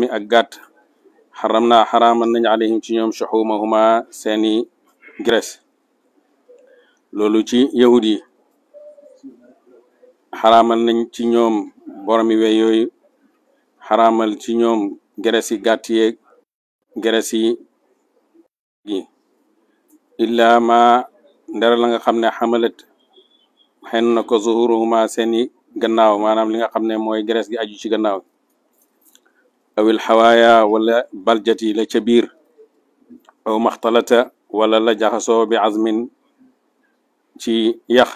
mi ak gàtt xaram naa xaraamal nañ alayhim ci ñoom shuhumahuma seeni graisse loolu ci yahud yi xaraamal nañ ci ñoom boromi we yooyu xaraamal ci ñoom graisse yi gàtt yeeg graisse yi gi illaa ma ndara la nga xam ne xamalat xen na ko zuhuruhuma seeni gannaaw maanaam li nga xam ne mooy graisse gi aju ci gannaaw awil xawaaya wala baljat yi la ca biir aw maxtalata wala la jaxasoo bi azmin ci yax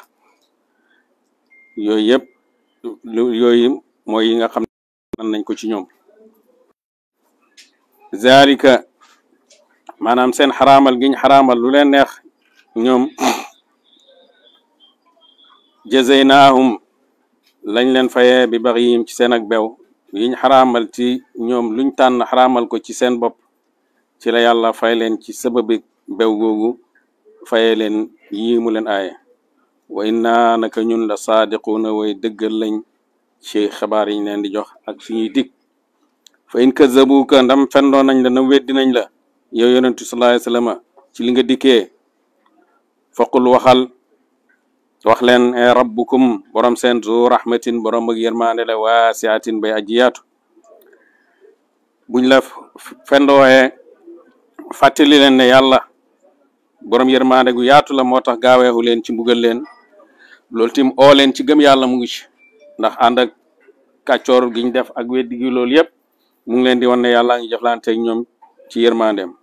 yooyu yëpp yooyu mooy yi nga xam nañ ko ci ñoom zalika maanaam seen xaraamal giñ xaraamal lu leen neex ñoom jazaynaahum lañ leen fayee bi baxiyim ci seen ak bew yiñ xaraamal ci ñoom luñ tànn xaraamal ko ci seen bopp ci la yàlla fay leen ci sababi bew googu fayee leen yii leen aaye wa inna naka ñun la saadiquuna way dëggal lañ ci xabaar yiñ leen di jox ak suñuy dikk fa in kazabuka ndam fendoon nañ la na weddi nañ la yow yonentu sallallahu alayhi wa ci linga nga dikkee faqul waxal wax leen e rabbukum borom seen zu rahmatin borom ak yërmaande la waasiatin bay aji yaatu buñ la fendooyee fàttali leen ne yàlla borom yërmaande gu yaatu la moo tax gaaweexu leen ci mbugal leen loolu tim oo leen ci gëm yàlla mu ngi ci ndax ànd ak kàccoor giñ def ak weddi gi loolu yëpp mu ngi leen di wan ne yàlla ngi jëflanteeg ñoom ci yërmandeem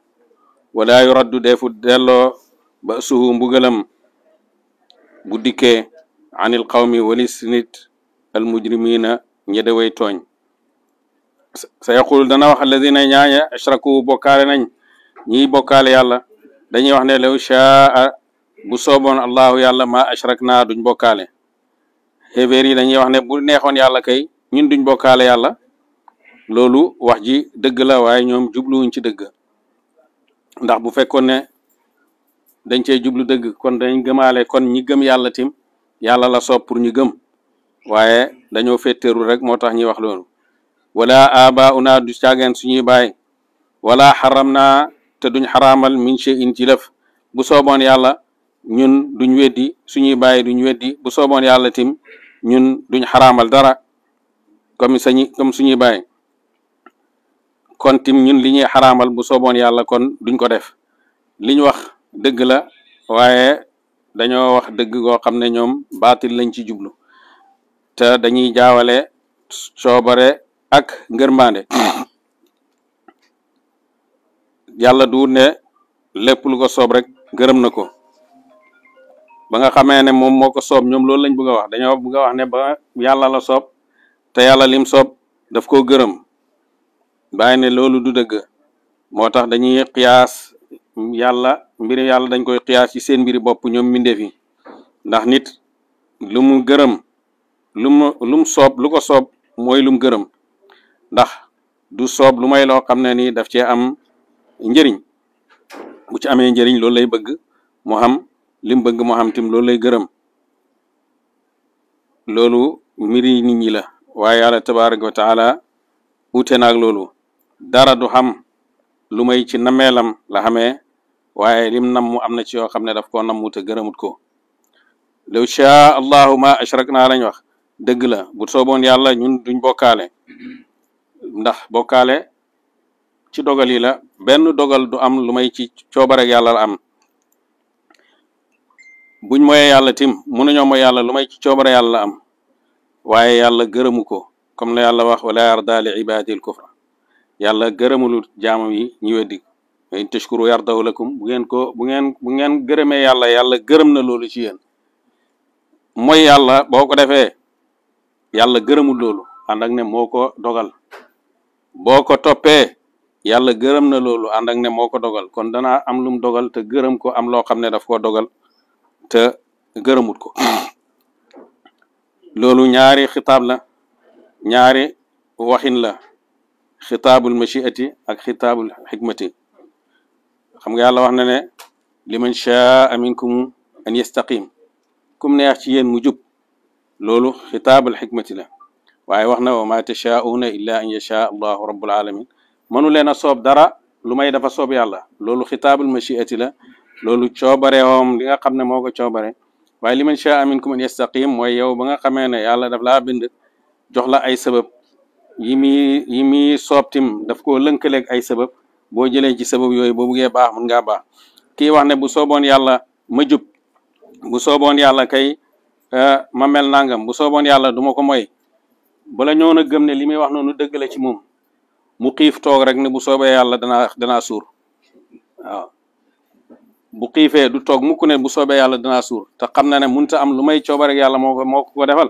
wala yuraddu deefu delloo ba suhu mbugalam bu dikkee anil qawmi walis nit al mujrimina ñe daway tooñ sa yaqul dana wax alladina ñaaña ashraku bokkaale nañ ñiy bokkaale yàlla dañuy wax ne law shaa bu sooboon allahu yàlla ma ashrak naa duñ bokkaale xéeféer yi dañuy wax ne bu neexoon yàlla kay ñun duñ bokkaale yàlla loolu wax ji dëgg la waaye ñoom jubluwuñ ci dëgg ndax bu fekkoon dañ cey jublu dëgg kon dañ gëmaale kon ñi gëm yàlla tim yàlla la soob pour ñu gëm waaye dañoo féeteerul rek moo tax ñuy wax loolu wala abauna du caageen suñuy bàyyi wala xaram na te duñ xaraamal min shay'in ci lëf bu sooboon yàlla ñun duñ weddi suñuy bàyyi duñ weddi bu sooboon yàlla tim ñun duñ xaraamal dara comme sañi suñuy bàyyi kon tim ñun li ñuy xaraamal bu sooboon yàlla kon duñ ko def liñ wax deug la waaye daño wax deug nyom xamne ñom batil lañ ci jublu te dañuy jaawale coobare ak ngërmaande yalla du ne lepp lu ko soob rek gërëm nako ba nga xamé ne mom moko ko soob ñoom loolu lañ bëgg wax dañoo bëgg wax ne ba yalla la soob te yalla lim soob daf ko ne loolu du deug motax danyi dañuy qiyas yàlla mbir yàlla dañ koy xiyaas ci seen mbiri boppu ñoom mbindeef yi ndax nit lu mu gërëm lu mu lu soob lu ko soob mooy lu gërëm ndax du soob lu may loo xam ne ni daf cee am njëriñ bu ci amee njëriñ loolu lay bëgg mu xam li bëgg mu xam tim loolu lay gërëm loolu mbiri nit ñi la waaye yàlla tabaraka wa taala ute naag loolu dara du xam lu ci nameelam la xamee waaye lim nam mu am na ci yoo xam ne daf koo nam mu te gërëmut ko law shaa allahu ma ashrakna lañ wax dëgg la bu sooboon yàlla ñun duñ bokkaale ndax bokkaale ci dogal yi la benn dogal du am lu may ci coobare ak am buñ moyee yàlla tim mënuñoo moy yàlla lu may ci coobare yàlla am waaye yàlla gërëmu ko comme na yàlla wax wala yarda li ibadi kufra yàlla gërëmulu jaamam yi ñu in tashkuru yardahu lakum bu ngeen ko bu ngeen bu ngeen gërëmee yàlla yàlla gërëm na loolu ci yéen mooy yàlla boo ko defee yàlla gërëmul loolu ànd ak ne moo ko dogal boo ko toppee yàlla gërëm na loolu ànd ak ne moo ko dogal kon danaa am lum dogal te gërëm ko am loo xam ne daf ko dogal te gërëmut ko loolu ñaari xitaab la ñaari waxin la xitaabul machiati ak xitaabul xikmati xam nga yàlla wax na ne liman shaa minkum an yastaqim kum neex ci yéen mu jub loolu xitaabal xikmati la waaye wax na wa ma tashaauna illa an yashaa allahu rabbul alamin mënu leen a soob dara lu may dafa soob yàlla loolu xitaabul machiati la loolu coobareewam li nga xam ne moo ko coobare waaye liman shaa minkum an yastaqim mooy yow ba nga xamee ne yàlla daf laa bind jox la ay sabab yi muy yi muy soobtim daf koo lënkaleeg ay sabab boo jëlee ci sabab yooyu boo buggee baax mën ngaa baax kii wax ne bu sooboon yàlla ma jub bu sooboon yàlla kay eh, ma mel nangam bu sooboon yàlla du ma ko moy bala ñëw na gëm ne li muy wax noonu dëgg la ci moom mu xiif toog rek ne bu soobee yàlla danaa danaa suur waaw bu xiifee du toog mukk ne bu soobee yàlla danaa suur te xam na ne mënut am lumay may cooba rek yàlla moo ko moo ko ko defal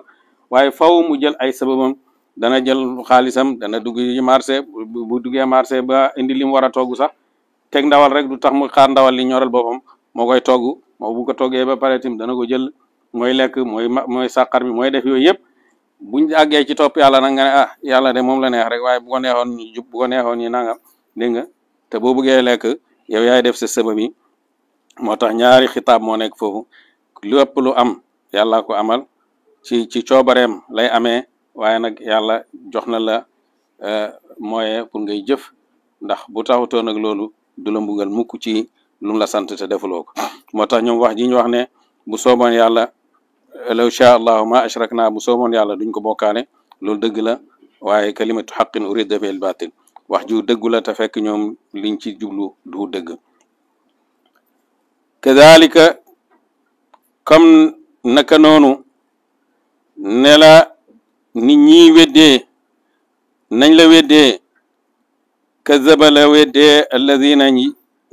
waaye faw mu jël ay sababam dana jël xaalisam dana dugg ci marché bu duggee marché ba indi li mu war a togg sax teg ndawal rek du tax mu xaar ndawal li ñoral boppam moo koy togg moo bu ko toggee ba pare tamit dana ko jël mooy lekk mooy mooy sàqar bi mooy def yooyu yëpp buñ àggee ci topp yàlla nag a ne ah yàlla de moom la neex rek waaye bu ko neexoon ñu jub ko neexoon ñu nangam dégg nga te boo bëggee lekk yow yaay def sa sabab yi moo tax ñaari xitaab moo nekk foofu lépp lu am yàlla ko amal ci ci coobareem lay amee waaye nag yàlla jox na la euh, moyen pour ngay jëf ndax bu taxutoon nag loolu du la mbugal mukk ci lu la sant te defuloo ko moo tax ñoom wax ji ñu wax ne bu sooboon yàlla law sha allahu ma ashrak naa bu sooboon yàlla duñ ko bokkaale loolu dëgg la waaye kalimatu xaqin urida bil batil wax ju dëggu la fekk ñoom liñ ci jublu du dëgg kadalika comme naka noonu ne nit ñi weddee nañ la weddee kazaba la weddee alladina ñi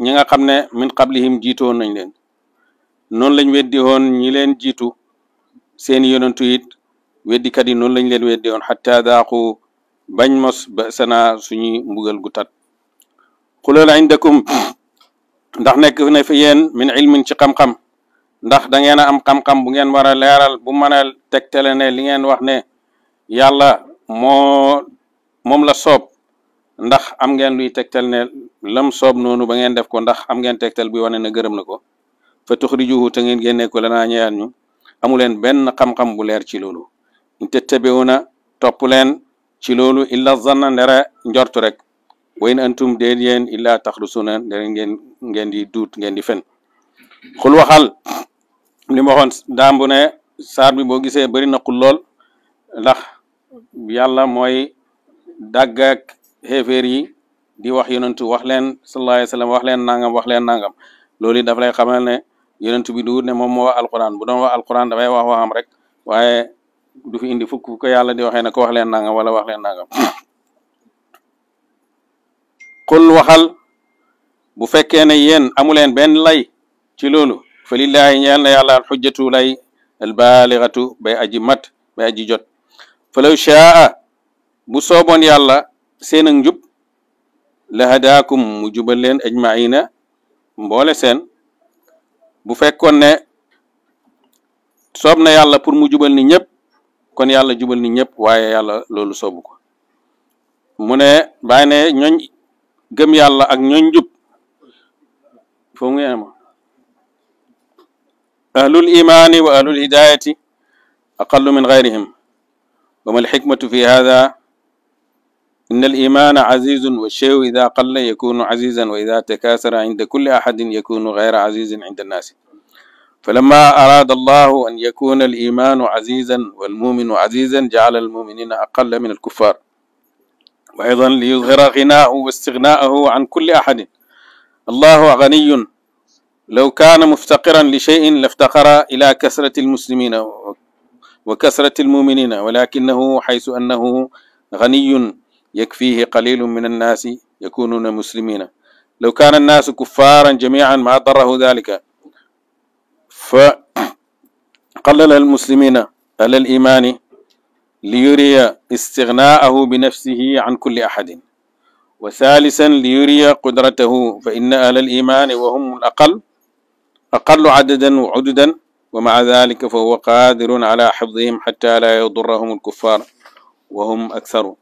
ñi nga xam ne min qablihim jiitoon nañ leen noonu lañ weddi woon ñi leen jiitu seen yonentu it weddikat yi noonu lañ leen weddi woon xatta daaqu bañ mos ba sanaa suñuy mbugal gu tat xulal indakum ndax nekk na fi yéen min ilmin ci xam-xam ndax da ngeen am xam-xam bu ngeen war a leeral bu mën a tegtale ne li ngeen wax ne yàlla moo moom la soob ndax am ngeen luy tegtal ne lam soob noonu ba ngeen def ko ndax am ngeen tegtal bi wane na gërëm na ko fa tuxrijuhu te ngeen génne ko lanaa ñeyaan ñu amuleen benn xam-xam bu leer ci loolu in tattabi'una topp leen ci loolu illa zanna ndera njortu rek wa in antum déet yéen illa taxrusuna ndera ngeen ngeen di duut ngeen di fen xul waxal li ma waxoon daam ne saar bi boo gisee bëri na lool ndax yàlla mooy dàgg ak yi di wax yonentu wax leen sallallahu wax leen nangam wax leen nangam loolu daf lay xamal ne yonentu bi duwut ne moom moo wax alquran bu doon wax alquran dafay wax waxam rek waaye du fi indi fukk fu ko yàlla di waxee ne ko wax leen nangam wala waxleen leen nangam qul waxal bu fekkee ne yéen amuleen benn lay ci loolu fa lillahi ñeel na yàlla al xujjatu lay al aji mat bay aji jot falaw shaa bu sooboon yàlla seen ak njub la mu jubal leen ajmaina mboole seen bu fekkoon ne soob na yàlla pour mu jubal ni ñëpp kon yàlla jubal ni ñëpp waaye yàlla loolu soobu ko mu ne bàyyi ne ñooñ gëm yàlla ak ñooñ jub foofu ngeen ma ahlul imaani wa ahlul hidayati aqallu min gayrihim وما الحكمة في هذا إن الإيمان عزيز والشيء إذا قل يكون عزيزا وإذا تكاثر عند كل أحد يكون غير عزيز عند الناس فلما أراد الله أن يكون الإيمان عزيزا والمؤمن عزيزا جعل المؤمنين أقل من الكفار وأيضا ليظهر غناه واستغناءه عن كل أحد الله غني لو كان مفتقرا لشيء لافتقر إلى كثرة المسلمين وكثرة المؤمنين ولكنه حيث أنه غني يكفيه قليل من الناس يكونون مسلمين لو كان الناس كفارا جميعا ما ضره ذلك فقلل المسلمين على الإيمان ليري استغناءه بنفسه عن كل أحد وثالثا ليري قدرته فإن أهل الإيمان وهم الأقل أقل عددا وعددا ومع ذلك فهو قادر على حفظهم حتى لا يضرهم الكفار وهم أكثر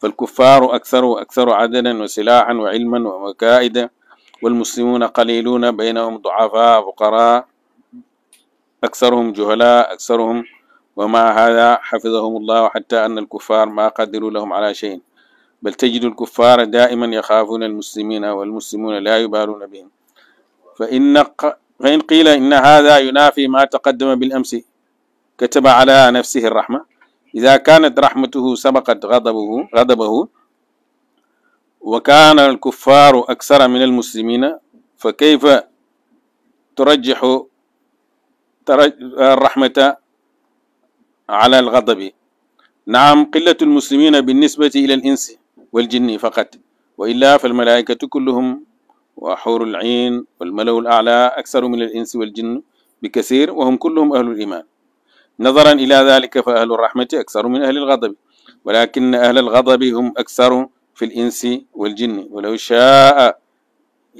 فالكفار أكثر أكثر عددا وسلاحا وعلما ومكائدا والمسلمون قليلون بينهم ضعفاء فقراء أكثرهم جهلاء أكثرهم ومع هذا حفظهم الله حتى أن الكفار ما قدروا لهم على شيء بل تجد الكفار دائما يخافون المسلمين والمسلمون لا يبالون بهم فإن فإن قيل إن هذا ينافي ما تقدم بالأمس كتب على نفسه الرحمة إذا كانت رحمته سبقت غضبه غضبه وكان الكفار أكثر من المسلمين فكيف ترجح الرحمة على الغضب نعم قلة المسلمين بالنسبة إلى الإنس والجن فقط وإلا فالملائكة كلهم وحور العين والملو الأعلى أكثر من الإنس والجن بكثير وهم كلهم أهل الإيمان نظرا إلى ذلك فأهل الرحمة أكثر من أهل الغضب ولكن أهل الغضب هم أكثر في الإنس والجن ولو شاء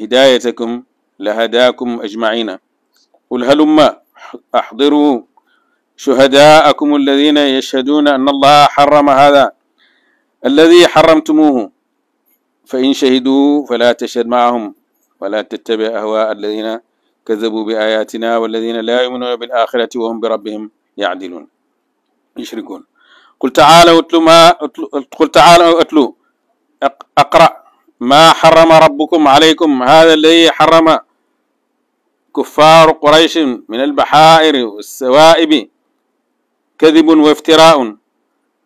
هدايتكم لهداكم أجمعين قل هلما أحضروا شهداءكم الذين يشهدون أن الله حرم هذا الذي حرمتموه فإن شهدوا فلا تشهد معهم ولا تتبع أهواء الذين كذبوا بآياتنا والذين لا يؤمنون بالآخرة وهم بربهم يعدلون يشركون قل تعالوا اتلوا ما قل تعالوا اتلوا اقرأ ما حرم ربكم عليكم هذا الذي حرم كفار قريش من البحائر والسوائب كذب وافتراء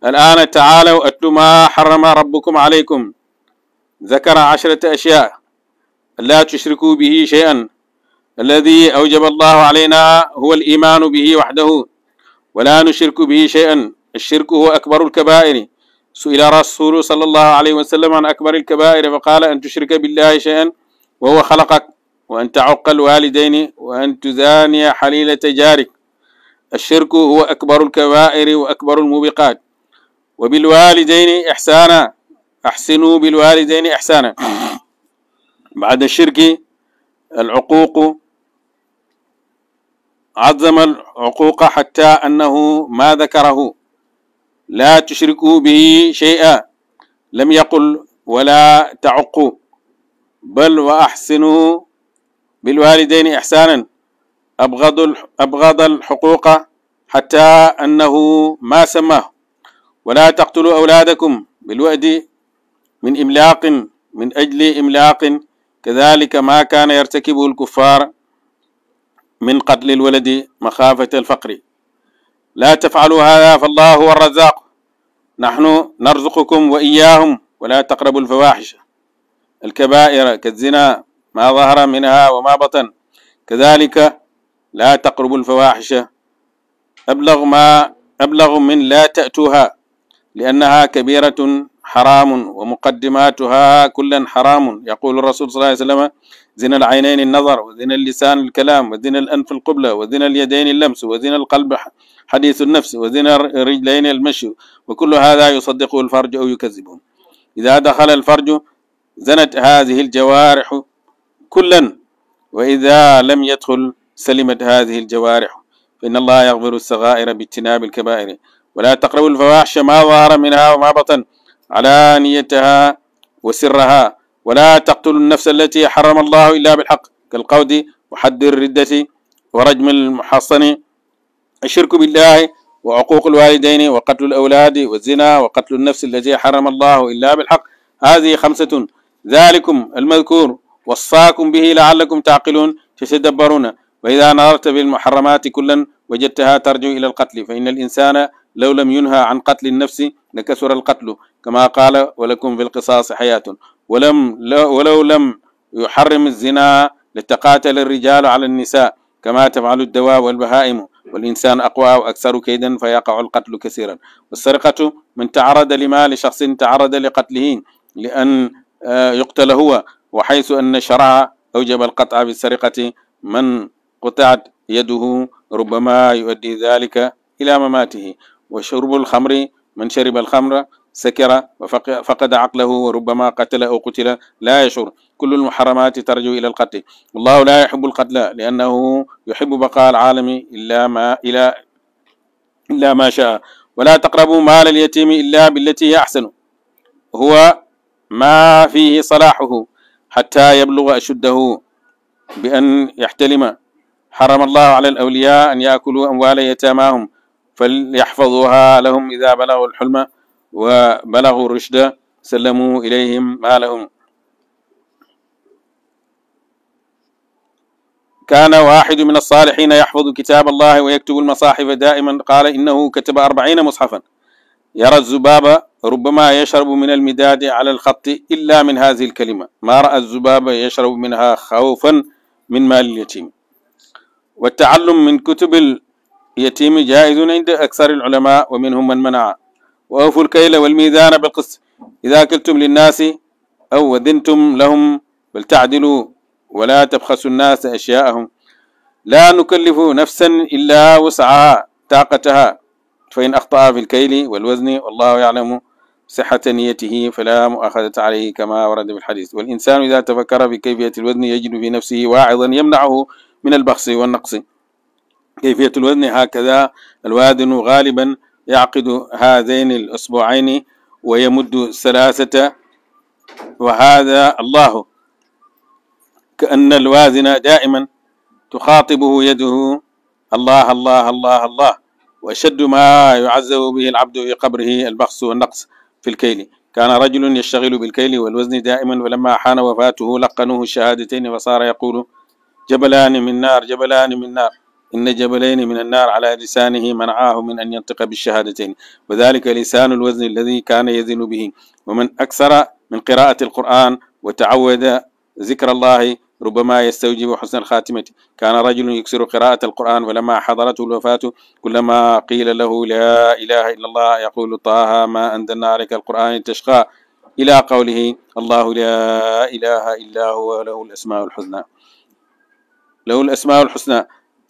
الآن تعالوا أتلوا ما حرم ربكم عليكم ذكر عشرة أشياء لا تشركوا به شيئا الذي أوجب الله علينا هو الإيمان به وحده ولا نشرك به شيئا الشرك هو أكبر الكبائر سئل رسول صلى الله عليه وسلم عن أكبر الكبائر فقال أن تشرك بالله شيئا وهو خلقك وأن تعق الوالدين وأن تزاني حليلة جارك الشرك هو أكبر الكبائر وأكبر الموبقات وبالوالدين إحسانا أحسنوا بالوالدين إحسانا بعد الشرك العقوق عظم العقوق حتى أنه ما ذكره لا تشركوا به شيئا لم يقل ولا تعقوا بل وأحسنوا بالوالدين إحسانا أبغض أبغض الحقوق حتى أنه ما سماه ولا تقتلوا أولادكم بالوأد من إملاق من أجل إملاق كذلك ما كان يرتكبه الكفار من قتل الولد مخافة الفقر لا تفعلوا هذا فالله هو الرزاق نحن نرزقكم وإياهم ولا تقربوا الفواحش الكبائر كالزنا ما ظهر منها وما بطن كذلك لا تقربوا الفواحش أبلغ ما أبلغ من لا تأتوها لأنها كبيرة حرام ومقدماتها كلا حرام يقول الرسول صلى الله عليه وسلم زنا العينين النظر وزنا اللسان الكلام وزنا الأنف القبلة وزنا اليدين اللمس وزنا القلب حديث النفس وزنا الرجلين المشي وكل هذا يصدقه الفرج أو يكذبه إذا دخل الفرج زنت هذه الجوارح كلا وإذا لم يدخل سلمت هذه الجوارح فإن الله يغفر الصغائر باجتناب الكبائر ولا تقربوا الفواحش ما ظهر منها وما بطن علانيتها وسرها ولا تقتلوا النفس التي حرم الله إلا بالحق كالقود وحد الردة ورجم المحصن الشرك بالله وعقوق الوالدين وقتل الأولاد والزنا وقتل النفس التي حرم الله إلا بالحق هذه خمسة ذلكم المذكور وصاكم به لعلكم تعقلون تتدبرون وإذا نظرت بالمحرمات كلا وجدتها ترجو إلى القتل فإن الإنسان لو لم ينهى عن قتل النفس لكثر القتل كما قال ولكم في القصاص حياة ولم ولو لم يحرم الزنا لتقاتل الرجال على النساء كما تفعل الدواب والبهائم والإنسان أقوى وأكثر كيدا فيقع القتل كثيرا والسرقة من تعرض لمال شخص تعرض لقتله لأن آه، يقتل هو وحيث أن الشرع أوجب القطع بالسرقة من قطعت يده ربما يؤدي ذلك إلى مماته وشرب الخمر من شرب الخمر سكر وفقد عقله وربما قتل أو قتل لا يشعر كل المحرمات ترجو إلى القتل والله لا يحب القتل لأنه يحب بقاء العالم إلا ما إلى إلا ما شاء ولا تقربوا مال اليتيم إلا بالتي هي أحسن هو ما فيه صلاحه حتى يبلغ أشده بأن يحتلم حرم الله على الأولياء أن يأكلوا أموال يتاماهم فليحفظوها لهم إذا بلغوا الحلم وبلغوا الرشد سلموا إليهم ما لهم كان واحد من الصالحين يحفظ كتاب الله ويكتب المصاحف دائما قال إنه كتب أربعين مصحفا يرى الذباب ربما يشرب من المداد على الخط إلا من هذه الكلمة ما رأى الذباب يشرب منها خوفا من مال اليتيم والتعلم من كتب اليتيم جائز عند أكثر العلماء ومنهم من منع وأوفوا الكيل والميزان بالقسط إذا كلتم للناس أو وذنتم لهم بل تعدلوا ولا تبخسوا الناس أشياءهم لا نكلف نفسا إلا وسعها طاقتها فإن أخطأ في الكيل والوزن والله يعلم صحة نيته فلا مؤاخذة عليه كما ورد في الحديث والإنسان إذا تفكر في كيفية الوزن يجد في نفسه واعظا يمنعه من البخس والنقص كيفية الوزن هكذا الوازن غالبا يعقد هذين الأسبوعين ويمد الثلاثة وهذا الله كأن الوازن دائما تخاطبه يده الله الله الله الله وأشد ما يعذب به العبد في قبره البخس والنقص في الكيل كان رجل يشتغل بالكيل والوزن دائما ولما حان وفاته لقنوه الشهادتين وصار يقول جبلان من نار جبلان من نار إن جبلين من النار على لسانه منعاه من أن ينطق بالشهادتين وذلك لسان الوزن الذي كان يزن به ومن أكثر من قراءة القرآن وتعود ذكر الله ربما يستوجب حسن الخاتمة كان رجل يكسر قراءة القرآن ولما حضرته الوفاة كلما قيل له لا إله إلا الله يقول طه ما أنزلنا عليك القرآن تشقى إلى قوله الله لا إله إلا هو له الأسماء الحسنى له الأسماء الحسنى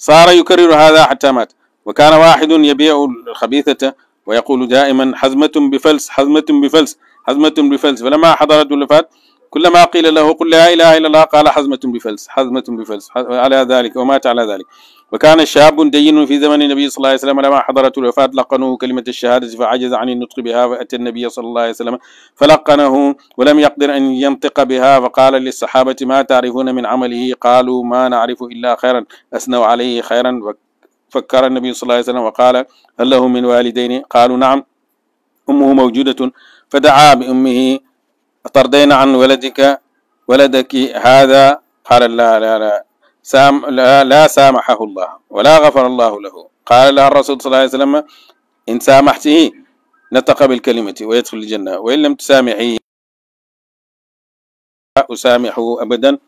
صار يكرر هذا حتى مات وكان واحد يبيع الخبيثة ويقول دائما حزمة بفلس حزمة بفلس حزمة بفلس فلما حضرت الوفاة كلما قيل له قل لا إله إلا الله قال حزمة بفلس حزمة بفلس على ذلك ومات على ذلك وكان شاب دين في زمن النبي صلى الله عليه وسلم لما حضرته الوفاة لقنوه كلمة الشهادة فعجز عن النطق بها فأتى النبي صلى الله عليه وسلم فلقنه ولم يقدر أن ينطق بها فقال للصحابة ما تعرفون من عمله قالوا ما نعرف إلا خيرا أثنوا عليه خيرا فكر النبي صلى الله عليه وسلم وقال هل له من والدين قالوا نعم أمه موجودة فدعا بأمه أطردين عن ولدك ولدك هذا قال لا لا لا سام لا, لا سامحه الله ولا غفر الله له قال لها الرسول صلى الله عليه وسلم إن سامحته نطق بالكلمة ويدخل الجنة وإن لم تسامحيه أسامحه أبدا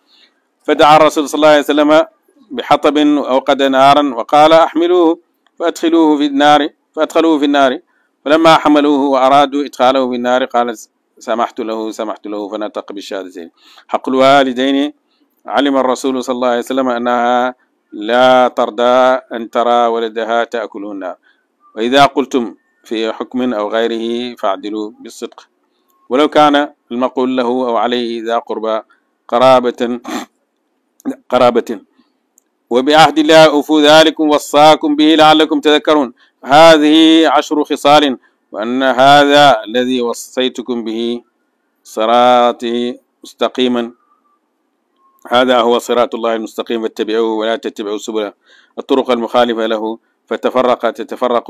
فدعا الرسول صلى الله عليه وسلم بحطب أوقد نارا وقال أحملوه فأدخلوه في النار فأدخلوه في النار فلما حملوه وأرادوا إدخاله في النار قال سمحت له سمحت له فنطق بالشهادتين حق الوالدين علم الرسول صلى الله عليه وسلم أنها لا ترضى أن ترى ولدها تأكله النار وإذا قلتم في حكم أو غيره فاعدلوا بالصدق ولو كان المقول له أو عليه ذا قربى قرابة قرابة وبعهد الله أوفوا ذلكم وصاكم به لعلكم تذكرون هذه عشر خصال وأن هذا الذي وصيتكم به صراطي مستقيما هذا هو صراط الله المستقيم فاتبعوه ولا تتبعوا سبل الطرق المخالفة له فتفرق تتفرق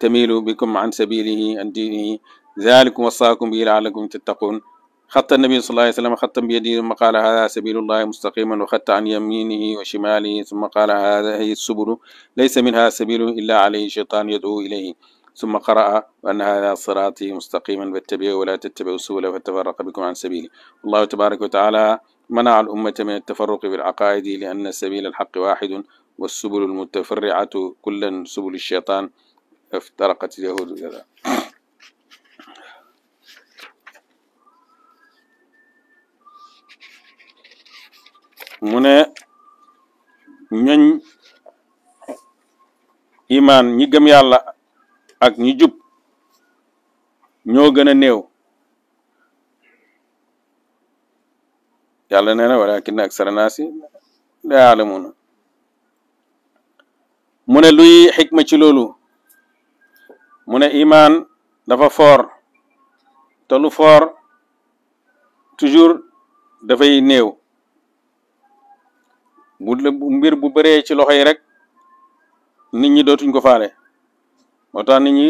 تميل بكم عن سبيله عن دينه ذلكم وصاكم به لعلكم تتقون خط النبي صلى الله عليه وسلم خطا بيده ثم قال هذا سبيل الله مستقيما وخط عن يمينه وشماله ثم قال هذا هي السبل ليس منها سبيل إلا عليه شيطان يدعو إليه ثم قرأ وأن هذا صراطي مستقيما فاتبعوه ولا تتبعوا السبل فتفرق بكم عن سبيله الله تبارك وتعالى منع الأمة من التفرق بالعقائد لأن سبيل الحق واحد والسبل المتفرعة كلا سبل الشيطان افترقت اليهود كذا من إيمان نيجم imaan أك نيجوب نيو ak néew yàlla nee na walakin aksara naasi laa yaalamuuna mu ne luy xikma ci loolu mu ne imaan dafa foor te lu foor toujours dafay néew bu mbir bu baree ci loxo yi rek nit ñi dootuñ ko faale moo tax nit ñi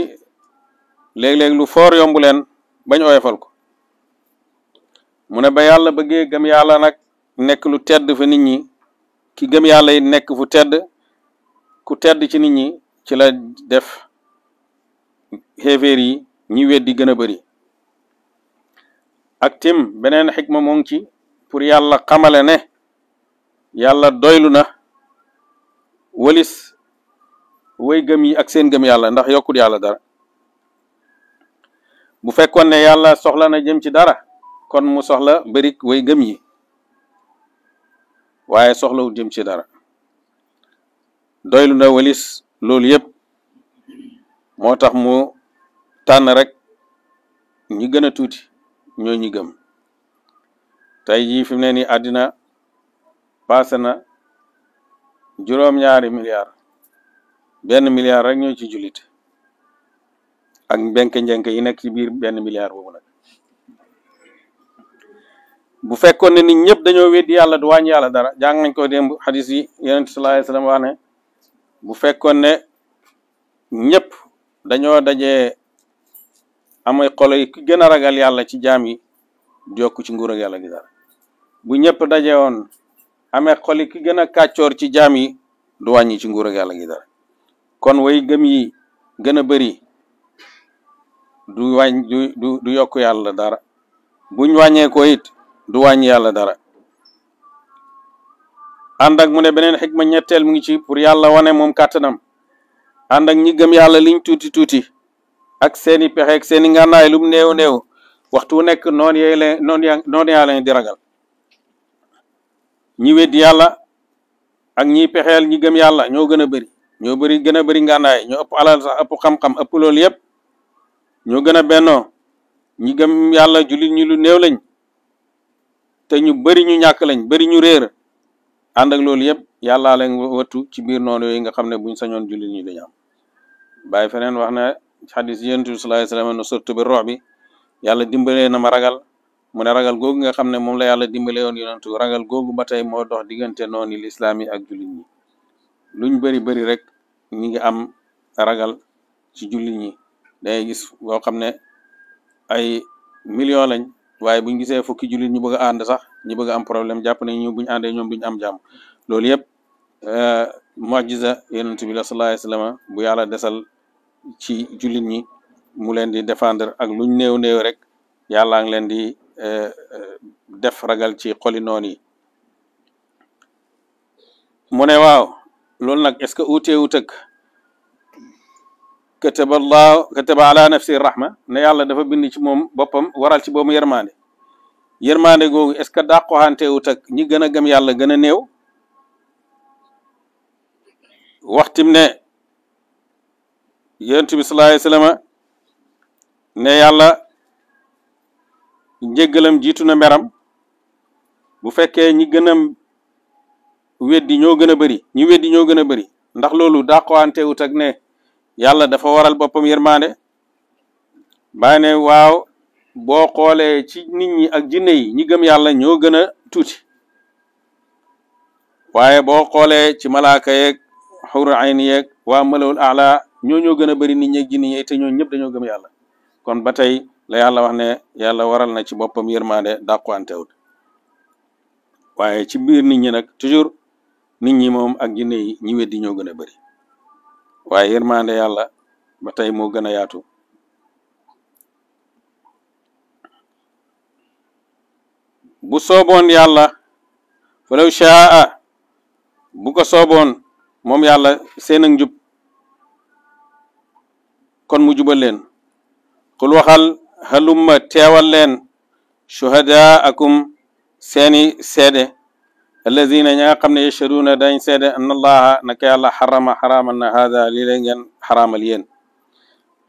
léeg-léeg lu foor yombu leen bañ oyofal ko mu ne ba yàlla bëggee gëm yàlla nag nekk lu tedd fa nit ñi ki gëm yàlla yi nekk fu tedd ku tedd ci nit ñi ci la def xéeféer yi ñi weddi gën a bëri ak tim beneen xikma moo ngi ci pour yàlla xamale ne yàlla doylu na wëlis way gëm yi ak seen gëm yàlla ndax yokkul yàlla dara bu fekkoon ne yàlla soxla na jëm ci dara kon mu soxla bërik way gëm yi waaye soxlawul jëm ci dara doylu na walis loolu yépp moo tax mu tànn rek ñi gën a tuuti ñoo ñi gëm tey jii fi ne nii àddina paase na juróom-ñaari milliards benn milliard rek ñoo ci jullit ak mbenk njenk yi nekk ci biir benn milliard boobu nag bu fekkoon ne nit ñëpp dañoo weddi yàlla du wàññi yàlla dara jàng nañ ko démb xadis yi yonent sallallahu alayhi bu fekkoon ne ñëpp dañoo dajee amay xolo yi gën a ragal yàlla ci jaam yi du ci nguur ak bu ñëpp daje woon amee xol ki gën a kàccoor ci jaam yi du wàññi ci nguur ak yàlla gi dara kon way gëm yi gën a bëri du wàññ du du yokk yàlla dara buñ wàññee ko it du wañ yalla dara and ak mune benen hikma ñettel mu ngi ci pour yalla wone mom katanam and ak ñi gëm yalla liñ tuti tuti ak seeni pexe ak seeni ngànnaay lu neew neew waxtu wu nekk noonu yee leen noonu yaa noonu yaa leen di ragal ñi wedd yalla ak ñi pexel ñi gëm yalla ño gëna bëri bëri ëpp alal sax ëpp xam-xam ëpp lool yépp ño gëna benno ñi gëm yalla julit ñi lu neew lañ te ñu bari ñu ñàkk lañ bari ñu réer ànd ak loolu yëpp yàllaa leen wattu ci biir noonu yooyu nga xam ne buñ sañoon jullit ñi dañu am bàyyi feneen wax na xadis yonent bi sallallahu alayhi wasallam surtout bi roox bi yàlla dimbalee na ma ragal mu ne ragal googu nga xam ne moom la yàlla dimbale woon yonentu ragal googu ba tey moo dox diggante noonu lislaam yi ak jullit ñi luñ bari bari rek ñi ngi am ragal ci jullit ñi dangay gis boo xam ne ay million lañ waaye buñ gisee fukki jullit ñu bëgg a ànd sax ñu bëgg a am problème jàpp nañ ñu buñ àndee am jàmm loolu yëpp eh, mujiza yonent bi la sallallahu alayhi wasallam bu yàlla desal ci jullit ñi mu leen di défendre ak luñ néew néew rek yàlla ngi leen di eh, def ragal ci xoli noon yi mu ne waaw loolu nag est-ce que uutee wutëkk kataba allah kataba ala nafsi rahma ne yàlla dafa bind ci moom boppam waral ci boobu yermande yermande googu est ce que dàqoxantewut ak ñi gën a gëm yàlla gën a néew waxtim ne yonent bi sallallaahu ne yàlla njéggalam jiitu na meram bu fekkee ñi gën a weddi ñoo gën a bëri ñi weddi ñoo gën a bëri ndax loolu dàqoxantewut ak ne yàlla dafa waral boppam yërmaande bàyyi ne waaw boo xoolee ci nit ñi ak jinne yi ñi gëm yàlla ñoo gën a tuuti waaye boo xoolee ci malaaka yeeg xuru ayn yeeg waa malawul ala ñoo ñoo gën a bëri nit ñeeg jinne yi te ñoo ñëpp dañoo gëm yàlla kon ba tey la yàlla wax ne yàlla waral na ci boppam yërmaande dàqwantewut waaye ci biir nit ñi nag toujours nit ñi moom ak jinne yi ñi weddi ñoo gën a bëri waaye yërmande yàlla ba tey moo gën a yaatu bu sooboon yàlla falaw shaa bu ko sooboon moom yàlla seen ak njub kon mu jubal leen xul waxal halumma teewal leen shuhadaa akum seeni seede alladina ña nga xam ne yashhaduuna dañ seede anna yàlla xarama na haada lii lay ngeen yéen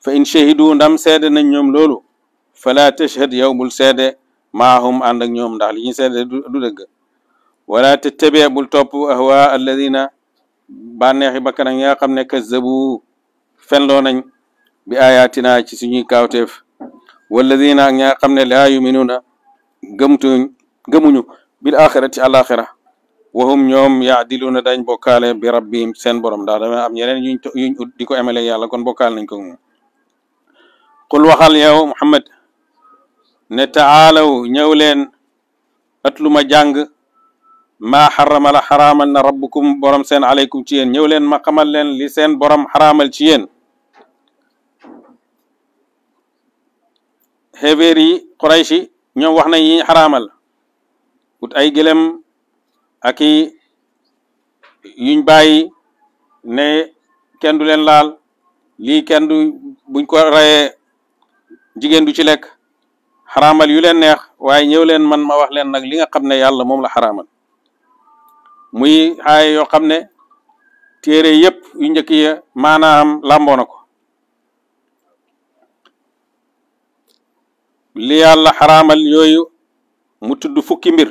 fa in shahidu ndam seede nañ ñoom loolu fala tashhad yow bul seede maahum ànd ak ñoom ndax li ñu seede du dëgg wala tattabi bul topp ahwa alladina bànneexi bakkan ak ñi nga xam ne kazzabu fenloo nañ bi ayatina ci suñuy kaawteef walladina ak ñi nga xam ne laa yuminuuna gëmtuñ gëmuñu bil axirati wahum ñoom yaadiluuna dañ bokkaale bi rabbihim seen borom ndax dama am ñeneen yuñ yuñ ut di ko amele yàlla kon bokkaal nañ ko moom qul waxal yow muhammad ne taalaw ñëw leen atlu ma jàng maa xarama la xaraamal na rabbukum borom seen aleykum ci yéen ñëw leen ma xamal leen li seen borom xaraamal ci yéen xevéer yi quraysh ñoom wax nañ yiñ ut ay gëlem ak i yuñ bàyyi ne kenn du leen laal lii kenn du buñ ko rayee jigéen du ci lekk xaraamal yu leen neex waaye ñëw leen man ma wax leen nag li nga xam ne yàlla moom la xaraamal muy xaaye yoo xam ne téere yëpp yu njëkk ya maanaam làmboo ko li yàlla xaraamal yooyu mu tudd fukki mbir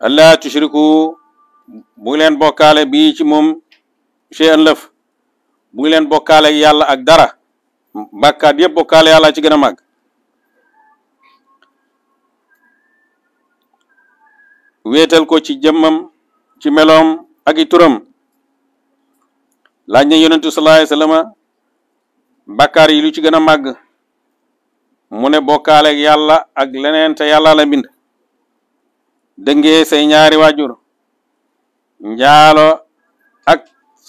allah tushriku bu bokkaale bii ci moom shay'an lëf bu leen bokkaale yàlla ak dara bàkkaat yëpp bokkaale yàlla ci gën a màgg wéetal ko ci jëmmam ci meloom ak i turam laaj na yonentu sallallahu alayhi wasallam bàkkaar yi lu ci gën a màgg mu ne bokkaale yàlla ak leneen te la mbind dëngee say ñaari waajur njaalo ak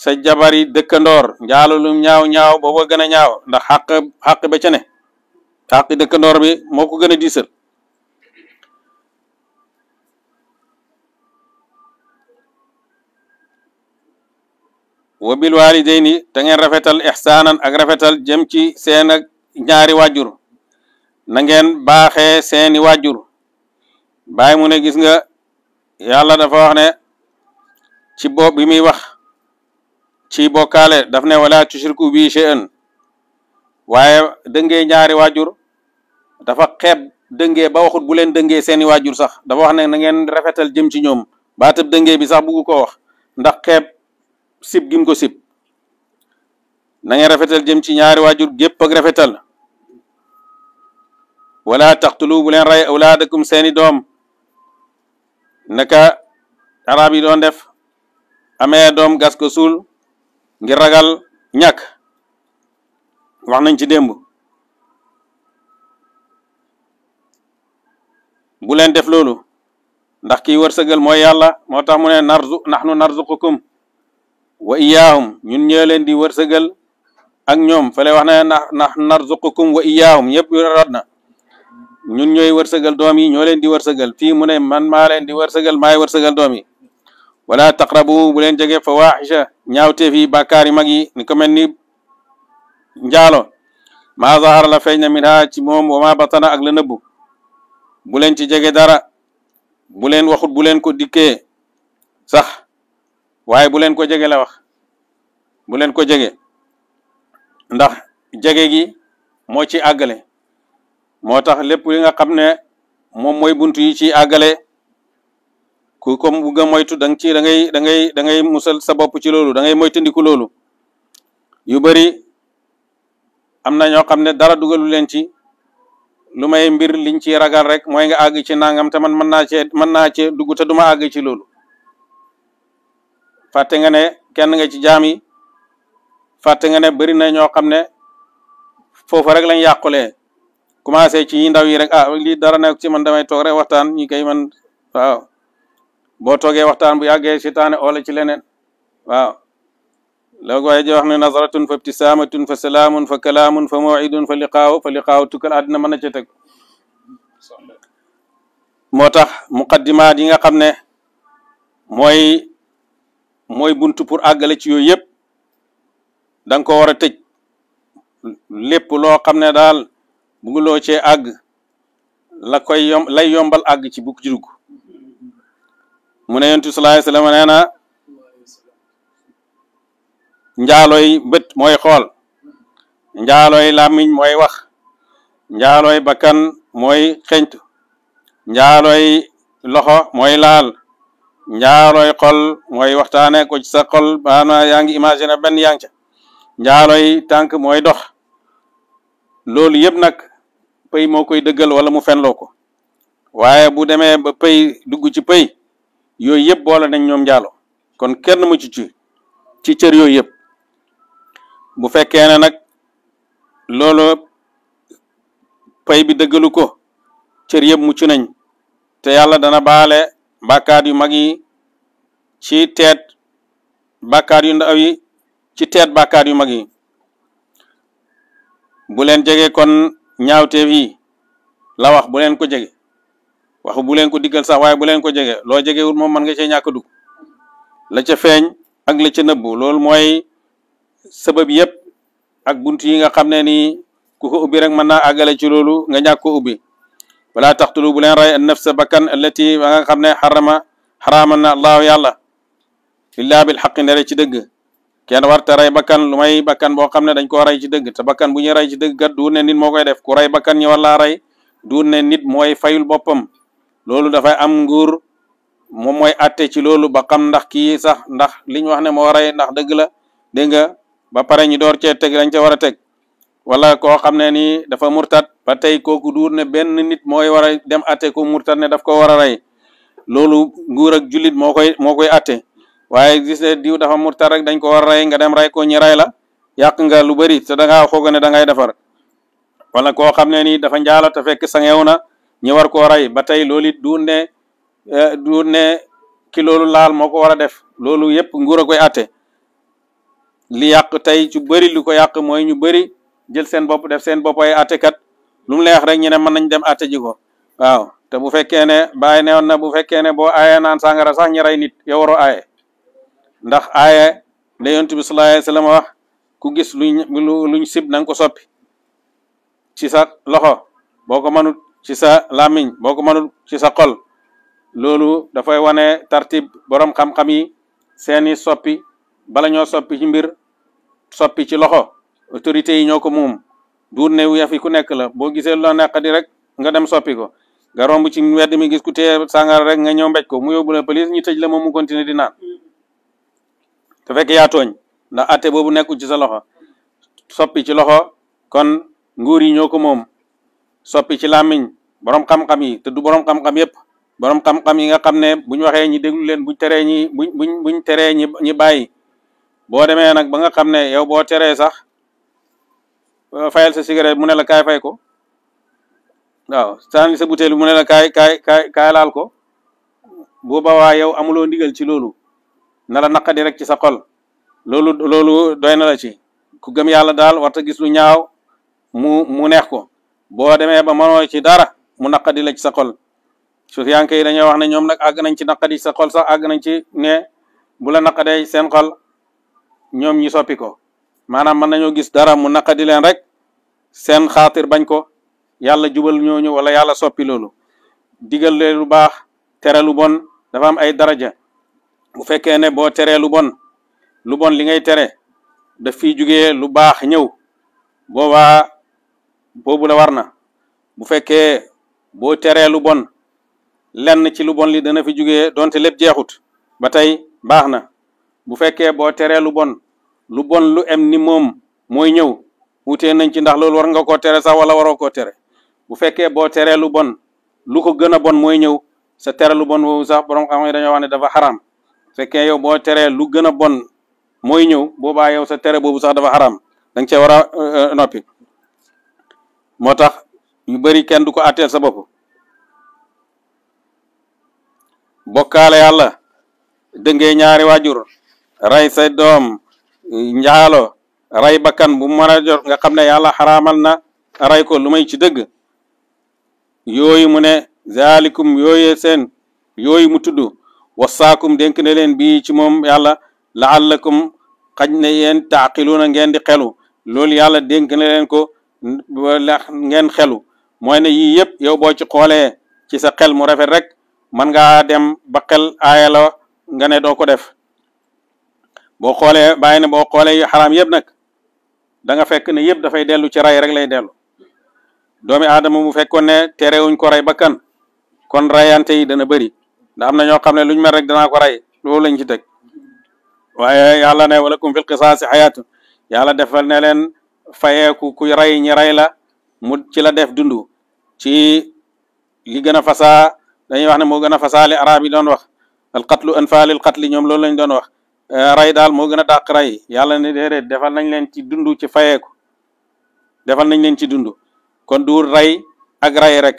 sa jabari dëkkandoor njaalo lu ñaaw ñaaw booba gën a ñaaw ndax xàq xàq ba ca ne xàq dëkkandoor bi moo ko gën a diisal wa bil walidayni te ngeen rafetal ixsaanan ak rafetal jëm ci seen ñaari waajur na ngeen baaxee seeni waajur bàyyi mu ne gis nga yàlla dafa wax ne ci bopp bi muy wax ci bokkaale daf ne wala tushriku bi shay'an waaye dëngee ñaari waajur dafa xeeb dëngee ba waxut bu leen dëngee seeni waajur sax dafa wax ne na ngeen rafetal jëm ci ñoom baatab dëngee bi sax bugg wax ndax xeeb sip gim ko sib na ngeen rafetal jëm ci ñaari waajur gépp ak rafetal wala taqtulu bu leen rey awlaadakum seeni doom naka arab yi doon def amee doom gas ko suul ngir ragal ñàkk wax nañ ci démb bu leen def loolu ndax kiy wërsëgal mooy yàlla moo tax mu ne nar nahnu narzuqukum wa iyaahum ñun ñoo leen di wërsëgal ak ñoom fale wax ne na nahnu narzuqukum wa iyaahum yëpp yu rod na ñun ñooy wërsëgal doom yi ñoo leen di wërsëgal fii mu ne man maa leen di wërsëgal maay wërsëgal doom yi wala taqrabu bu leen jege fawaaxisha ñaawteef yi bàkkaar yi mag yi ni ko mel ni njaalo maa zahara la feeñ na min ha ci moom wa batana ak la nëbbu buleen ci jege dara buleen leen waxut bu leen ko dikkee sax waaye bu leen ko jege la wax buleen ko jege ndax jege gi moo ci àggale moo tax lépp li nga xam ne moom mooy buntu yi ci àggale ku ko bugg moytu danga nga ci da ngay da ngay da musal sa bopp ci loolu da ngay moytandiku loolu yu bëri am na ñoo xam ne dara dugalu leen ci lu may mbir liñ ci ragal rek mooy nga àgg ci nangam te man mën naa cee mën cee dugg te duma àgg ci loolu fàtte nga ne kenn nga ci jaam yi fàtte nga ne bari na ñoo xam ne foofu rek lañ yàqulee commencé ci ndaw yi rek ah lii dara nekk ci man damay toog rek waxtaan ñi kay man waaw boo toogee waxtaan bu yàggee seytaane oola ci leneen waaw loogu waaye ji wax ne nazaratun fa ibtisaamatun fa salaamun fa kalaamun fa mawidun fa liqaaw fa liqaaw tukkal àddina mën na ca teg moo tax muqaddimaat yi nga xam ne mooy mooy buntu pour àggale ci yooyu yëpp da ko war a tëj lépp loo xam ne daal bugguloo cee àgg la koy yom lay yombal àgg ci bukk ci dugg mu ne yontu salaay salaam nee na njaalooy bët mooy xool njaalooy làmmiñ mooy wax njaalooy bakkan mooy xeñtu njaalooy loxo mooy laal njaalooy xol mooy waxtaane ko ci sa xol baana yaa ngi imaginer benn yaa ngi ca njaalooy tànk mooy dox loolu yëpp nag pëy moo koy dëggal wala mu fenloo ko waaye bu demee ba pëy dugg ci pëy yooyu yëpp boole nañ ñoom njaalo kon kenn mu ci ci cër yooyu yëpp bu fekkee ne nag loolu pay bi dëggalu ko cër yëpp mucc nañ te yàlla dana baale bàkkaat yu mag yi ci teet bàkkaat yu ndaw ci teet bàkkaat yu mag yi bu leen jege kon ñaawteef wi la wax bu len ko jege waxu bu len ko diggal sax waye bu len ko jege loo wul mom man nga ci ñak la ci feñ ak la ci neub lool moy sabab yëpp ak buntu yi nga xam ne ku ko ubbi rek man na àggale ci loolu nga ñak ko ubbi wala taqtulu bu ray an-nafs bakan allati nga xam harama haraman Allah na allahu yàlla bil haqq ci deug kenn warta rey bakkan lu may bakkan boo xam ne dañ koo rey ci dëgg te bakkan bu ñuy rey ci dëgg kat du ne nit moo koy def ku rey bakkan ñi wala ray du ne nit mooy fayul boppam loolu dafay am nguur moom mooy atte ci loolu bakkan ndax kii sax ndax liñ wax ne moo rey ndax dëgg la dégg nga ba pare ñi door cee teg dañ ca war a teg wala koo xam ne ni dafa murtat ba tey kooku duur ne benn nit mooy war a dem atte ko murtat ne daf ko war a rey loolu nguur ak jullit moo koy moo koy atte waaye gis diw dafa murtar rek dañ ko war a rey nga dem rey ko ñi rey la yàq nga lu bari te da ngaa xoog ne da ngay wala koo xam ne nii dafa njaala te fekk sangeew na ñi war koo rey ba tey loolu it du ne eh, du ne ki loolu laal moo ko war a def loolu yëpp nguur a koy atte li yàq tey ci bëri li ko yàq mooy ñu bëri jël seen bopp def seen bopp ay attekat lu mu leex rek ñu ne mën nañ dem atte ji ko waaw te bu fekkee ne bàyyi newoon na bu fekkee ne boo aayee naan sàngara sax ñi rey nit yow waroo aaye ndax aaya la yonent bi sallallahu alayhi wa ku gis luñ luñ sib na ko soppi ci sa loxo boo ko mënut ci sa làmmiñ boo ko mënut ci sa xol loolu dafay wane tartib borom xam-xam yi seeni soppi bala ñoo soppi ci mbir soppi ci loxo autorités yi ñoo ko moom duur ne wu fi ku nekk la boo gisee loo nekk di rek nga dem soppi ko nga romb ci mbedd mi gis ku téye sàngara rek nga ñëw mbéj ko mu yóbbu la police ñu tëj la moom mu continuer dina te fekk yaa tooñ ndax atte boobu nekkul ci sa loxo soppi ci loxo kon nguur yi ñoo ko moom soppi ci làmmiñ borom xam-xam yi te du borom xam-xam yépp borom xam-xam yi nga xam ne bu ñu waxee ñi déglu leen buñ teree ñi buñ buñ buñ teree ñi ñi bàyyi boo demee nag ba nga xam ne yow boo teree sax euh, fayal sa cigarette mu ne la kaay fay ko waaw sànni sa butéel bi mu ne la kaay kaay kaay kaay laal ko ba boobaa yow amuloo ndigal ci loolu nala la naqadi rek ci sa xol loolu loolu doy nala la ci ku gëm yàlla daal warta gis lu ñaaw mu mu neex ko boo demee ba mënoo ci dara mu naqadi la ci sa xol sufiyanke yi dañoo wax ne ñoom nag àgg nañ ci naqadi sa xol sax àgg nañ ci ne bu la naqadee seen xol ñoom ñi soppi ko maanaam mën nañoo gis dara mu naqadi leen rek seen xaatir bañ ko yàlla jubal ñooñu wala yàlla soppi loolu digal leen lu baax tere lu bon dafa am ay daraja bu fekkee ne boo teree lu bon lu bon li ngay tere da fiy jugee lu baax ñëw boobaa boobu la war na bu fekkee boo teree lu bon lenn ci lu bon li dana fi jugee donte lépp jeexut ba tey baax na bu fekkee boo teree lu bon lu bon lu em ni moom mooy ñëw wutee nañ ci ndax loolu war nga koo tere sax wala waroo ko tere bu fekkee boo teree lu bon lu ko gën a bon mooy ñëw sa tere lu bon woowu sax borom xam nga dañoo wax ne dafa xaraam fekkee yow boo teree lu gën a bon mooy ñëw baa yow sa tere boobu sax dafa xaram da cee war a euh, euh, noppi moo tax yu bari kenn du ko atteel sa bopp bokkaale yàlla dëngee ñaari waajur ray say doom njaalo ray bakkan bu mën a jot nga xam ne yàlla xaraamal na ray ko lu may ci dëgg yooyu mu ne zaalikum yooyu seen yooyu mu tudd wasaakum dénk ne leen bii ci moom yàlla kañ na ne yéen na ngeen di xelu loolu yàlla dénk ne leen ko ngeen xelu mooy ne yii yëpp yow boo ci xoolee ci sa xel mu rafet rek man ngaa dem ba xel aaya la nga ne doo ko def boo xoolee bàyyi ne boo xoolee yu xaraam yëpp nag danga fekk ne yëpp dafay dellu ci rey rek lay dellu doomi aadama mu fekkoon ne terewuñ ko rey bakkan kon rayante yi dana bëri da am na ñoo xam ne luñ mel rek danaa ko rey loolu lañ ci teg waaye yàlla ne wala kum fil qisaasi xayaatu yàlla defal ne leen fayeeku ku rey ñi rey la mu ci la def dund ci li gën a fasaa dañuy wax ne moo gën a fasaali arab yi doon wax alqatlu anfaalil qatli ñoom loolu lañ doon wax eh, ray daal moo gën a dàq rey yàlla ne defal nañ leen ci dundu ci fayeeku defal nañ leen ci dund kon du ray ak rey rek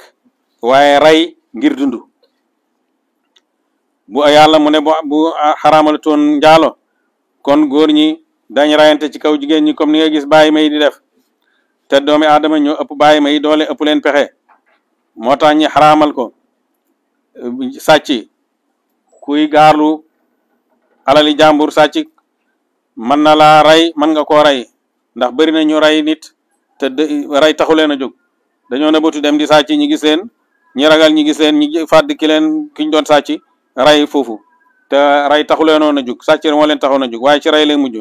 waaye ray ngir dund bu yàlla mu ne bu bu ah, xaraamalatoon njaalo kon góor ñi dañ rayante ci kaw jigéen ñi comme ni nga gis bàyyi may di def te doomi aadama ñoo ëpp bàyyi may doole ëpp leen pexe moo tax ñi xaraamal ko sàcc kuy gaarlu alali jàmbur sàcc mën na laa rey mën nga koo rey ndax bëri na ñu rey nit te rey taxu leen a jóg dañoo nëbbatu dem di sàcc ñi gis leen ñi ragal ñi gis leen ñi fàdd ki leen ki ñu doon sàcc ray foofu te rey taxu leenoon a jug sàcc moo leen taxoon na jug waaye ci ray lay mujj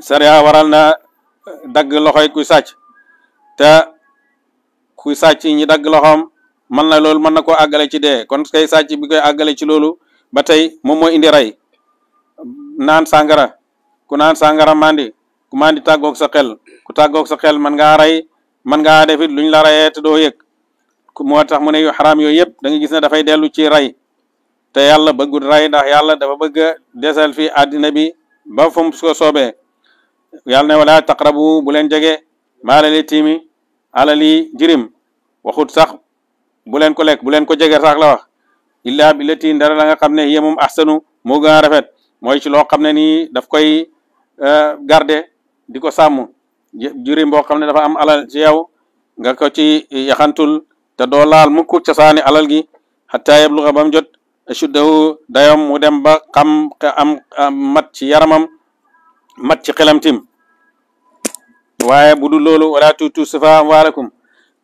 sariya waral na dagg loxoy kuy sàcc te kuy sàcc ñi dagg loxoom mën na loolu mën na koo àggale ci dee kon kay sàcc bi koy àggale ci loolu ba tey moom moo indi rey naan sàngara ku naan sangara maandi ku mandi tàggoog sa xel ku tàggoog sa xel mën ngaa rey mën ngaa defit luñ la rayee te doo yëg moo tax mu ne yu xaraam yooyu yëpp da nga gis ne dafay dellu ci rey te yàlla bëggul ray ndax yàlla dafa bëgg a fii àddina bi ba fu mu ko soobee yàlla ne wala taqrabu bu leen jege maalali tiimi alali jirim waxut sax bu leen ko lekk bu leen ko jege sax la wax illaa billati ndara la nga xam ne hiya moom ahsanu moo gën a rafet mooy ci loo xam ne nii daf koy euh, garde di ko sàmm jirim boo xam ne dafa am alal ci nga ko ci yaxantul te doo laal mukk cosaani alal gi xataa yabluga ba mu jot ashuddahu dayom mu dem ba xam am mat ci yaramam mat ci xelam tim waaye bu dul loolu wala tuutu sufa amwaalakum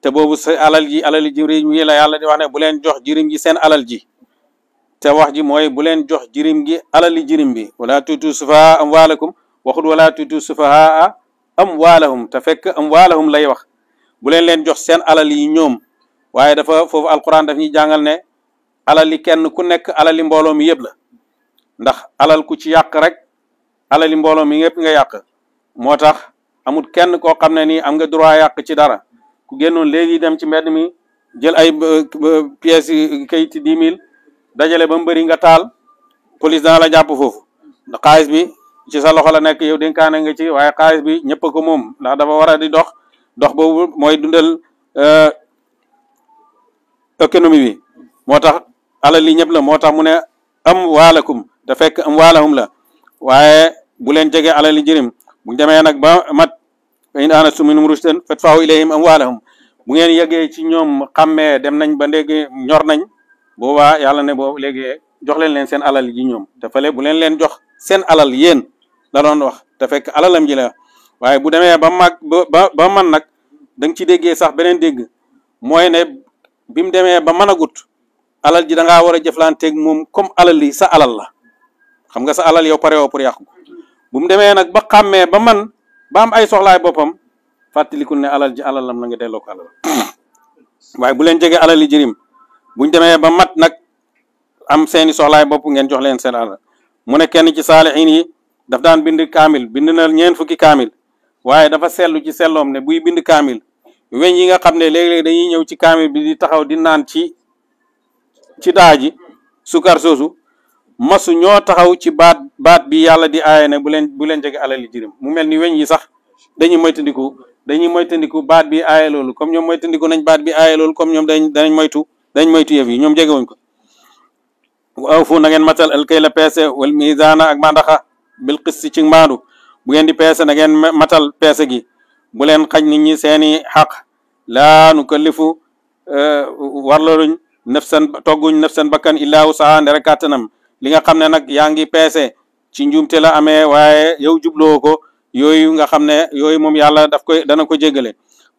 te boobu sa alal ji alal ji jëriñ wi la yàlla di wax ne bu leen jox jirim ji seen alal ji te wax ji mooy bu leen jox jirim gi alali jirim bi wala tuutu sufa amwaalakum waxul wala tuutu sufahaa amwaalahum te fekk amwaalahum lay wax bu leen leen jox seen alal yi ñoom waaye dafa foofu alquran daf ñuy jàngal ne alali kenn ku nekk alali mbooloo mi yëpp la ndax alal ku ci yàq rek alali mbooloo mi yëpp nga yàq moo tax amut kenn koo xam ne nii am nga droit yàq ci dara ku génnoon léegi dem ci mbedd mi jël ay euh, euh, pièces yi kayiti dix mille dajale ba mu bëri nga taal police dana la jàpp foofu ndax bi ci sa loxo la nekk yow dénkaane nga ci waaye xaalis bi ñëpp ko moom ndax dafa war di dox dox boobu mooy dundal euh, économie bi moo tax alal li ñëpp la moo tax mu ne am waalakum te fekk am waalahum la waaye bu leen jege alal li jërim bu ñu demee nag ba mat fa in aanastum minhum rushdan fadfa'u ilayhim amwaalahum bu ngeen yeggee ci ñoom xàmmee dem nañ ba ndégg ñor nañ boobaa yàlla ne boobu léegi jox leen leen seen alal yi ñoom te fale bu leen leen jox seen alal yéen la doon wax te fekk alalam ji la waaye bu demee ba mag ba ba man nag da nga ci déggee sax beneen dégg mooy ne bi mu demee ba mën a gut alal ji da ngaa war a jëflanteeg moom comme alal lii sa alal la xam nga sa alal yow pare woo pour yàqu ko bu mu demee nag ba xàmmee ba man ba am ay soxlaay boppam fàttalikul ne alal ji alalam la nga delloo bu leen jege alal yi jërim buñ demee ba mat nag am seeni soxlaay bopp ngeen jox leen seen mu ne kenn ci saalihin yi daf daan bind kaamil bind na ñeen fukki kaamil waaye dafa sellu ci selloom ne buy bind kaamil weñ yi nga xam ne léeg-léeg dañuy ñëw ci kaamil bi di taxaw di naan ci ci daaji sukar soosu masu ñoo taxaw ci baat baat bi yàlla di aaye bu leen bu leen jege alali jirim mu mel ni weñ yi sax dañuy moytandiku dañuy moytandiku baat bi aaye loolu comme ñoom moytandiku nañ baat bi aaye loolu comme ñoom dañ dañ moytu dañ moytu yëf yi ñoom jegewuñ ko waaw fu na ngeen matal al kay la peese wal miizaana ak mandaxa bil qisti ci maandu bu ngeen di peese na ngeen matal pese gi bu leen xaj ni ñi seeni xaq laa nu kallifu euh, warloluñ naf san togguñ naf san bakkan illaa wusaha ndere kàttanam li nga xam ne nag yaa ngi peese ci njuumte la amee waaye yow jubloo ko yooyu nga xam ne yooyu moom yàlla daf koy dana ko jégale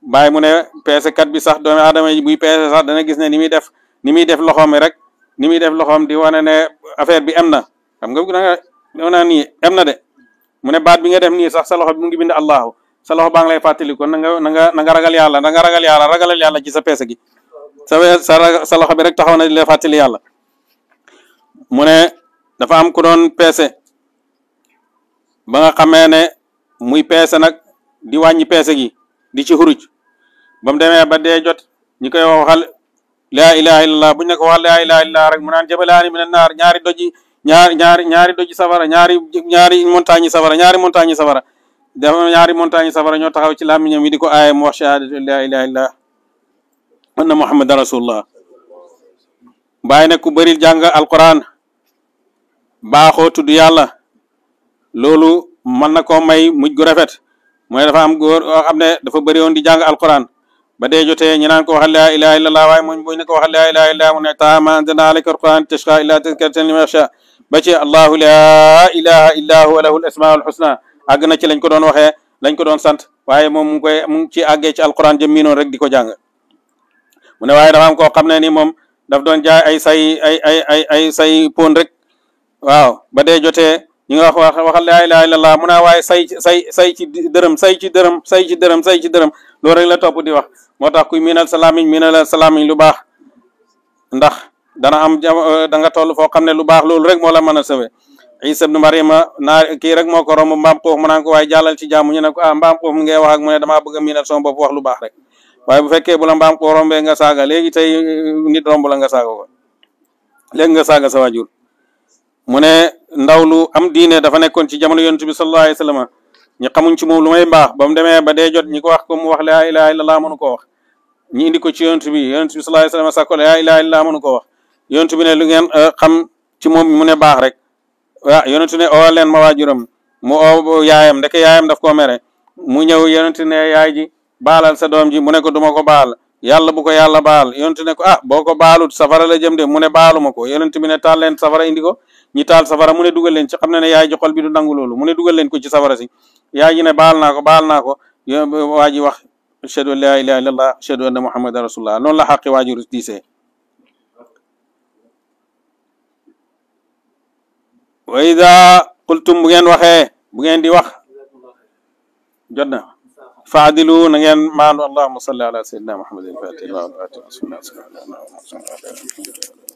bàyyi mu ne peesekat bi sax doomu aadama yi buy peese sax dana gis ne ni muy def ni muy def loxoom rek ni muy def loxoom di wane ne affaire bi am na xam nga danga doo naa nii am na de mu ne baat bi nga def nii sax sa loxo bi mu ngi bind allahu sa loxo baa ngi lay fàttali kon na nga nga na nga ragal yàlla na nga ragal yàlla yàlla ci sa peese gi sa weer sa loxo bi rek taxaw na di la fàttali yàlla mu ne dafa am ku doon peese ba nga xamee ne muy peese nag di wàññi peese gi di ci xuruj ba mu demee ba dee jot ñi koy waxal laa ilaha illallah buñ ne ko waxal laa ilaha illallah rek mu naan jabalaani mina naar ñaari doji ñaari ñaari ñaari doji safara ñaari ñaari montagne safara ñaari montagne safara dafa ñaari montagne safara ñoo taxaw ci làmmiñam yi di ko aaye mu wax shahadatu laa ilaha illallah anna muhammad rasulullah bàyyi ne ku bëril jàng alquran baaxoo tudd yàlla loolu mën na koo may mujj gu rafet mu ne dafa am góor oo xam ne dafa bëri woon di jàng alquran ba dee jotee ñu naan ko waxal laa ilaha illallah waaye mu buñ ne ko waxal laa ilaha illallah mu ne taama anzalna alayka alquran tashqa illa tadhkiratan liman yakhsha ba ci allahu laa ilaha illa huwa lahu alasmaul husna àgg na ci lañ ko doon waxee lañ ko doon sant waaye moom mu ngi koy mu ngi ci àggee ci alquran jëm mii noonu rek di ko jàng mu ne waaye dafa am koo xam ne ni moom daf doon jaay ay say ay ay say pon rek waaw ba dee jotee ñu nga wax waxal laa ilaaha illallah mu naa waaye say say say ci dërëm say ci dërëm say ci dërëm say ci dërëm loolu rek la topp di wax moo tax kuy miinal sa làmmiñ miinal sa làmmiñ lu baax ndax dana am euh, da nga toll foo xam ne lu baax loolu rek moo la mën a sauver Isa ibnu Mariama naa kii rek moo ko romb mbaam xuux mu naan ko waaye jàllal ci jàmm ñu ne ko ah mbaam xuux mu ngay mu ne damaa bëgg miinal sama bopp wax lu baax rek waaye bu fekkee bu la mbaam ko nga saaga léegi tey euh, nit romb la nga saaga ko léegi nga saaga sa waajur mu ne ndaw lu am diine dafa nekkoon ci jamono yonent bi sallallahu alayhi wa sallam ñi xamuñ ci moom lu may baax ba mu demee ba dee jot ñi ko wax ko mu wax laa ilaha illallah mënu koo wax ñi indi ko ci yonent bi yonent bi sallallahu alayhi wa sallam sax ko laa mënu koo wax yonent bi ne lu ngeen euh, xam ci moom mu ne baax rek waaw yonent ne oo leen ma waajuram mu oo yaayam ndeke yaayam daf komere mu ñëw yonent ne yaay ji baalal sa doom ji mu ne ko duma ko baal yàlla bu ko yàlla baal yonent ne ko a ah, boo ko baalut safara la jëm de mu ne baalu ma ko yonent bi ne taal leen safara indi ko ñi taal safara mu ne dugal leen ci xam ne ne yaay ji xol bi du nangu loolu mu ne dugal leen ko ci safara si yaay ji ne baal naa ko baal naa ko waa ji wax ashhadu an laa ilaha illallah ashhadu anna muhammadan rasulullah noonu la xaqi waa ji diisee wa ida qultum bu ngeen waxee bu ngeen di wax jot na فعدلوا نجان معا اللهم صل على سيدنا محمد الفاتح الله